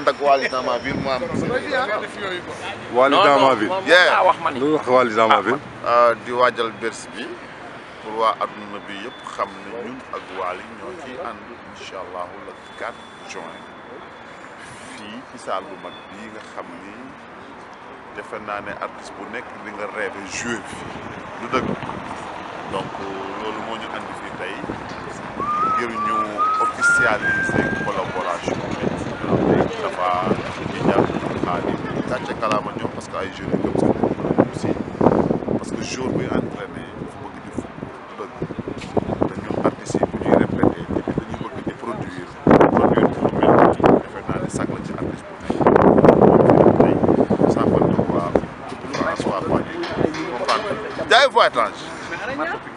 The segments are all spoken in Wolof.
ànd ak Wally dans ma ville ah. ma am. Wally dans ah, euh, di waajal bers bi pour waa adduna xam ne ñun a Wally ñoo ciy ànd incha allahu le 4 juin fii ci saal bu nga xam ni defe naa ne artiste bu nekk li nga rêvé joué fii du loolu moo ñu andi fii tey ngir ñu officialiser dafa Viviane Khadim gàcce kalaama ñoom parce que ay jeunes yu gëm seen bopp aussi parce que jour buy entraîné dafa bëgg di bëgg te ñun artistes yi bu ñuy répété tamit dañuy bëgg di produire produire pour mel ni defe naa ne sax la ci artiste bu nekk moom tey ça peut être waa waa soit waa ji comprendre jaay voie étrange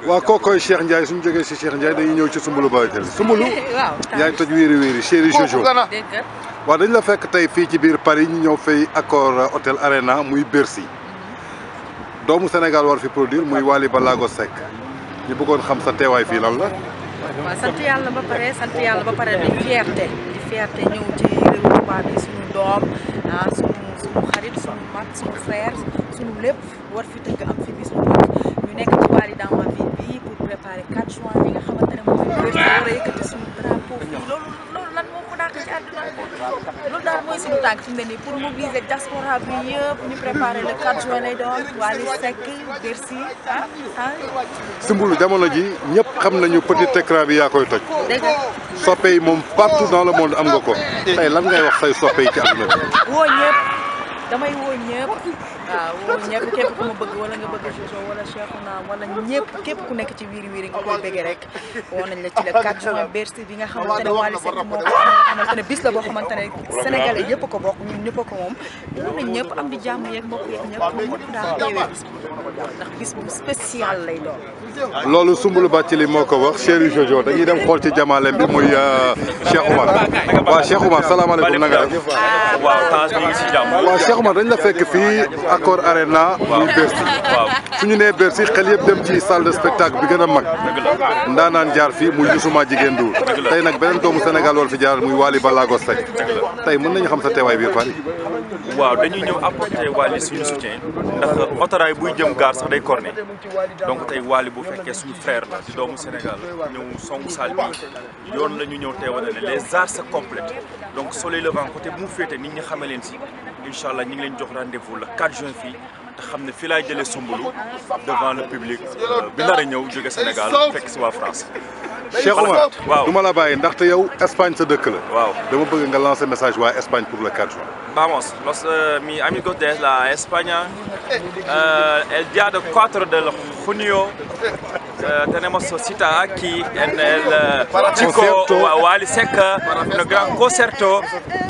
waaw kookoy Cheikh Ndiaye suñu jógee si Cheikh Ndiaye dañuy ñëw ci Soumboulou Bakel Soumboulou yaa ngi toj wéeri wéeri chéri Jojo waaw dañ la fekk tey fii ci biir Paris ñu ñëw fay accord hôtel Arena muy Bercy mhm. doomu Sénégal war fi produire muy Wally Ballago Seck ñu bëggoon xam sa teewaay fii lan la waaw yàlla ba pare sant yàlla ba pare di fierté ñëw ci réewu tubaab bi suñu doom ah, suñu xarit suñu mag suñu frère suñu lépp war fi tëgg am fi bis bu nekk ci 4 bi jamono ji ñëpp xam nañu petit écran bi yaa koy toj. dëgg soppe yi moom partout dans le monde am nga ko. tey lan ngay wax say soppe yi ci àdduna bi. woo ñëpp. damay woo ñëpp waaw woo képp ku bëgg wala nga bëgg képp ku nekk ci wiiri wiiri nga koy bëggee rek woo nañ la ci le 4 juin bi nga xamante ne Wally Seck moo ko xamante ne bis la boo xamante ne Sénégal ko bokk ñun ko moom woo nañ ñëpp am di jàmm yeeg mbokk yeeg ñëpp ndax bis bu spécial lay doon loolu Soumboulou Bathily moo ko wax chéri Jojo dañuy dem xool ci jamaaleem bi muy euh, Cheikh Oumar waaw Cheikh Oumar salaamaaleykum na nga def Ousmane dañ la fekk accord Arena ni Bercy Bercy xel dem ci salle de spectacle bi gëna mag jaar fi muy Youssouma Vous au Sénégal fi jaar muy Wally balago Vous mën nañu xam sa Vous waaw dañuy apporter Wally suñu soutien ndax autoray buy jëm gar sax day corné donc Wally bu fekké suñu frère la di doomu Sénégal ñëw songu salle bi yoon lañu ñëw les arts se donc soleil levant côté bu fété ñi Inchallah, nous rendez-vous le 4 juin Nous ne devant le public De la Réunion Sénégal fekk France. Cheikh nous ma te Espagne sa la. message Espagne pour le 4 juin. Vamos, euh, de la España, euh, el de 4 de junio euh, tenemos cita aquí en el un gran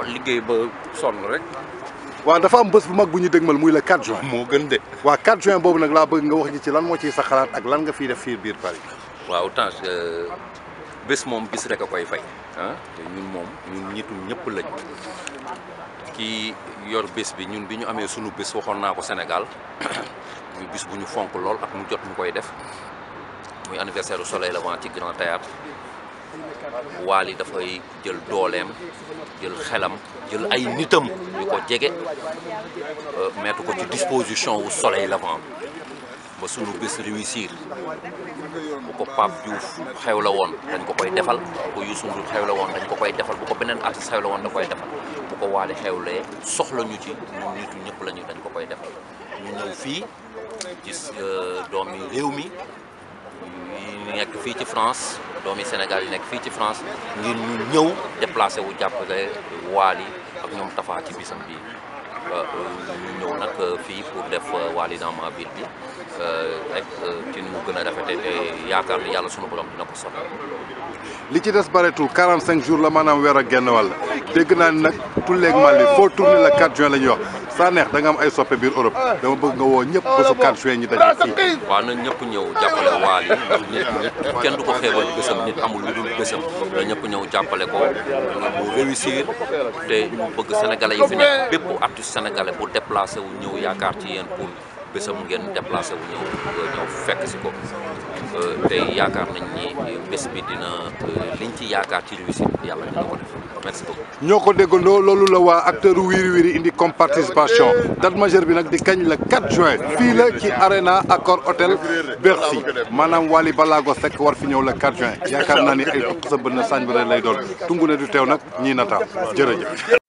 wala liggéey ba sonn rek. waaw dafa am bés bu mag bu ñu dégmal muy le 4 juin. moo gën de. waaw 4 boobu nag laa bëgg nga wax ñi ci lan moo ciy sa xalaat ak lan nga fiy def fii biir Paris. waaw Tange euh, bés moom bis rek a koy fay ah te ñun moom ñun ñitu ñëpp lañ kii yor bés bi ñun bi ñu amee sunu bés waxoon naa ko Sénégal muy bis bu ñu fonk lool ak mu jot mu koy def muy anniversaire du Soleil Levant ci Grand Théâtre Wally dafay jël dolem jël xelam jël ay nitam ko euh, mettre ko ci disposition au Soleil Levant ba suñu réussir ko pap Diouf xew la dañ ko koy defal ko xew dañ ko koy defal bu ko artiste xew la defal bu ko ci nitu la dañ ko koy ñu euh, ci France domi Sénégal yi nekk fii ci France ngir ñu ñëw déplacer wu jàppale wali ak ñom Tafa ci bisam bi ñu euh, euh, ñëw nak euh, fi pour def wali dans ma ville bi rek ci ñu gëna gën a rafetee Yalla yaakaar borom dina ko sopp li ci dess bareetul 45 jours la manam weer ak genn wal dégg naa ni nag tulleeg Mali faut tourner le 4 juin la wax. saa neex da nga am ay soppe biir Europe ah. dama bëgg nga woo ñëpp bésu 4 juin ñi daje fii waaw na ñëpp ñëw jàppale waal yi nit kenn du ko xeebal bésam nit amul lu dul bésam na ñëpp ñëw jàppale ko mu réussir te ñu bëgg sénégalais yi fi nekk bépp artiste sénégalais bu déplacé wu ñëw yaakaar ci yéen pour bésam ngeen déplacé wu ñëw euh, ñëw fekk si ko euh, tey yaakaar nañ ni bés bi dina euh, liñ ci yaakaar ci réussite ñoo ko déggandoo loolu la waa acteur Wiri Wiri indi comme participation date majeure bi nag di kañ la 4 juin fii la ci arena Accor Hôtel Bercy maanaam Wally Ballago Seck war fi ñëw la 4 juin yaakaar naa ni ay sa bën na sañ lay doon tungu ne du teew nag ñii na taaw